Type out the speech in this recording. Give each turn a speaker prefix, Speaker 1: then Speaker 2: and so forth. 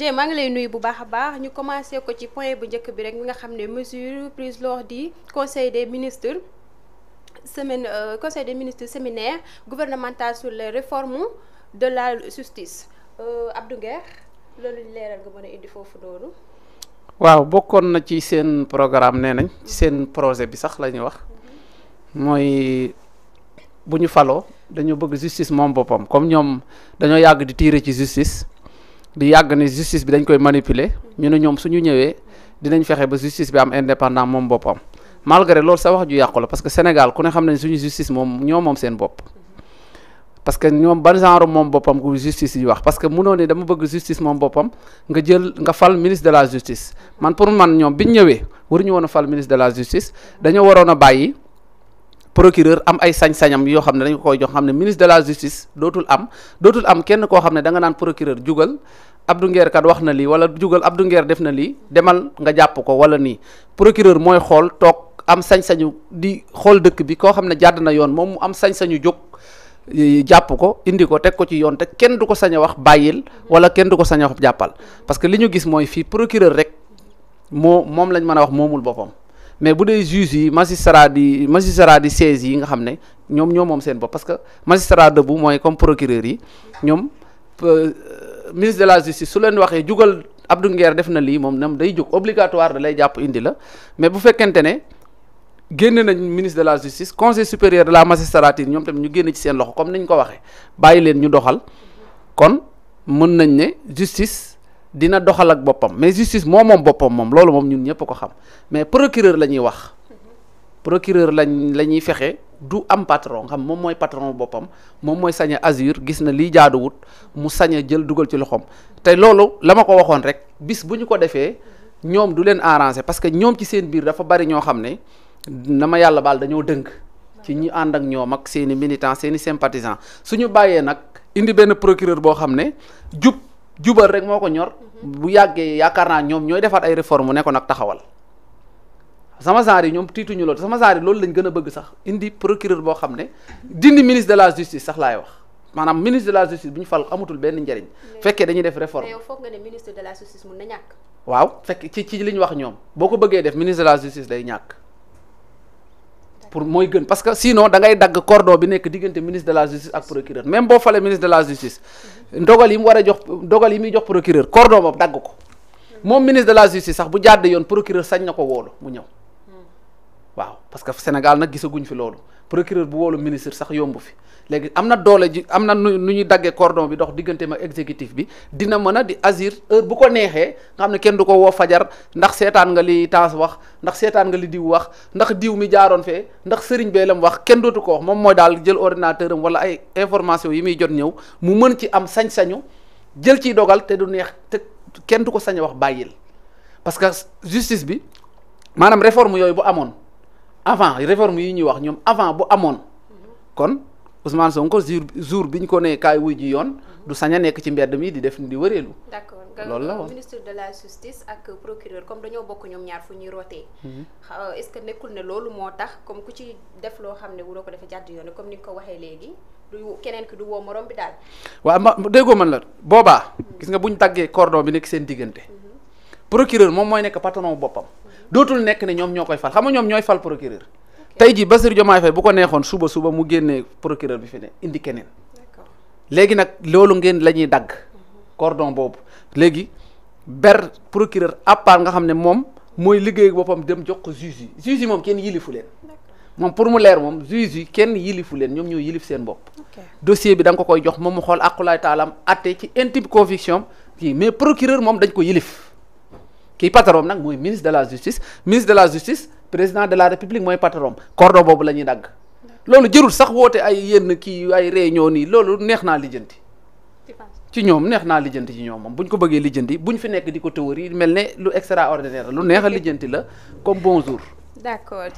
Speaker 1: G maa ngi lay nuyu bu baax a baax ñu commencé ko ci point bu njëkk bi rek nga xamné mesure prise lors du conseil des ministres semaine euh, conseil des ministres séminaire gouvernemental sur les réformes de la justice euh, Abdou Nguer loolu léral nga mëna a indi foofu noonu.
Speaker 2: waaw bokkoon na ci seen programme nenañ ci seen projet bi sax lañu wax moy mhm. buñu falo dañu bëgg justice moom bopam comme ñom dañu yag di tirer ci justice. di yàgg ni justice bi dañ koy manipuler ñu ne ñoom suñu ñëwee dinañ fexe ba justice bi am indépendant moom boppam malgré loolu sa wax ju yàqu la parce que Sénégal ku ne xam nañ suñu justice moom ñoo moom seen bopp parce que ñoom ban genre moom boppam ku justice yi wax parce que mënoo ne dama bëgg justice moom boppam nga jël nga fal ministre de la justice man pour man ñoom biñ ñëwee waruñu woon a fal ministre de la justice dañoo waroon a bàyyi procureur am ay sañ-sañam yo xamne dañ ko koy jox xamne ministre de la justice dotul am dotul am kenn ko xamne da nga nan procureur jugal Abdou Nguer kat wax na wala jugal Abdou Nguer def na li demal nga japp ko wala ni procureur moy xol tok am sañ-sañu di xol dekk bi ko xamne jadd na yoon mom am sañ-sañu jóg japp ko indi ko tek ko ci yoon te kenn du ko sañ wax bayil wala kenn du ko wax jappal parce que liñu gis moy fi procureur rek mo mom lañ mëna wax momul mais bu dee juge yi magistrat di magistrat di siège yi nga xamné ñom ñom ñoo moom seen bopp parce que magistrat debout moy comme procureur yi ñom euh, ministre de la justice su leen waxé jugal Abdou Nguer def na lii moom nam day jóg obligatoire da lay japp indi la mais bu fekkente ne génne nañ ministre de la justice conseil supérieur de la magistrature ñom tam ñu génne ci seen loxo comme niñ ko waxé bayi leen ñu doxal kon mën nañ ne justice dina doxal ak boppam mais justice moo moom boppam moom loolu moom ñun ñëpp ko xam mais procureur la ñuy wax procureur lañ la ñuy fexe du am patron xam moom mooy patron boppam moom mooy sañ a gis na lii jaaduwut mu sañ jël dugal ci loxoom te loolu la ma ko waxoon rek bis bu ñu ko defee ñoom du leen arranger parce que ñoom ci seen biir dafa bari ñoo xam ne na ma yàlla baal dañoo dënk ci ñu ànd ak ñoom ak seeni i militants seen i sympathisants su ñu bàyyee nag indi benn procureur boo xam ne jub. jubal rek moo ko ñor bu yàggee yaakaar naa ñoom ñooy defaat ay réforme ne ko nag taxawal sama genre yi ñoom tiituñu loolu sama genre loolu lañ gën a bëgg sax indi procureur boo xam ne dindi ministre de la justice sax laay wax maanaam ministre de la justice bu ñu fal amatul benn njëriñ fekkee dañuy def réforme mais
Speaker 1: yow foog nga ne ministre
Speaker 2: waaw fekk ci ci li ñu wax ñoom boo ko bëggee def ministre de la justice day ñàkk pour mooy gën parce que sinon da ngay dagg cordon bi nekk diggante ministre de la justice ak procureur même boo falee ministre de la justice ndogal yi mu war a jox ndogal yi muy jox procureur cordon boobu dagg ko moom ministre de la justice sax bu jàdd yoon procureur sañ na ko woolu mu ñëw waaw parce que Sénégal nag gisaguñ fi loolu procureur bu woolu ministre sax yomb fi léegi am na doole ji am na nu nu ñuy dagge cordon bi ndox diggante ma exécutif bi dina mën a di agir heure bu ko neexee nga xam ne kenn du ko woo fajar ndax seetaan nga li taas wax ndax seetaan nga li diw wax ndax diw mi jaaroon fee ndax sëriñ bee lam wax kenn dootu ko wax moom mooy daal jël ordinateur am wala ay information yi muy jot ñëw mu mën ci am sañ-sañu jël ciy dogal te du neex te kenn du ko sañ a wax bàyyil parce que justice bi maanaam réforme yooyu bu amoon avant réforme yi ñuy wax ñoom avant bu amoon kon Ousmane Sonko jour jour bi ñu ko nee kaay wuy ji yoon du sañ a nekk ci mbedd mi di def di wëreelu. d'accord loolu la woon ministre
Speaker 1: de la justice ak procureur comme dañoo bokk ñoom ñaar fu ñuy rootee. Mhm. Euh, est-ce que nekkul ne loolu moo tax comme ku ci def loo xam ne wuroo ko defee jàdd yoon comme ni nga ko waxee léegi du keneen ki du woo morom bi daal.
Speaker 2: waaw ma man la boobaa. gis nga bu ñu cordon bi nekk seen diggante. Mhm. procureur moom mooy nekk patron boppam. dootul nek ne ñoom ñoo koy fal xam nga ñoom ñooy fal procureur Taiji, jii Bassirou Diomaye Faye bu ko suba suba mu génnee procureur bi fi ne indi keneen léegi nag loolu cordon bob. léegi ber procureur à nga xam mom moy mooy liggéey boppam dem jox ko juge yi juge yi kenn yilifu len mom pour mu leer mom juge kenn yilifu len ñom ñoy yilif seen bop dossier bi dang ko koy jox mom mu xool taalam atte ci intime conviction kii mais procureur mom dañ ko yilif kii patron nag mooy ministre de la justice ministre de la justice président de la république mooy patron cordon boobu la dagg loolu jërul sax woote ay yenn kii ay réunion nii loolu neex naa lijjanti ci ñoom neex naa lijjanti ci ñoom moom bu ñu ko bëggee lijjanti bu ñu fi nekk di ko théorie mel ne lu extraordinaire lu neex a lijjanti la comme bonjour
Speaker 1: d'accord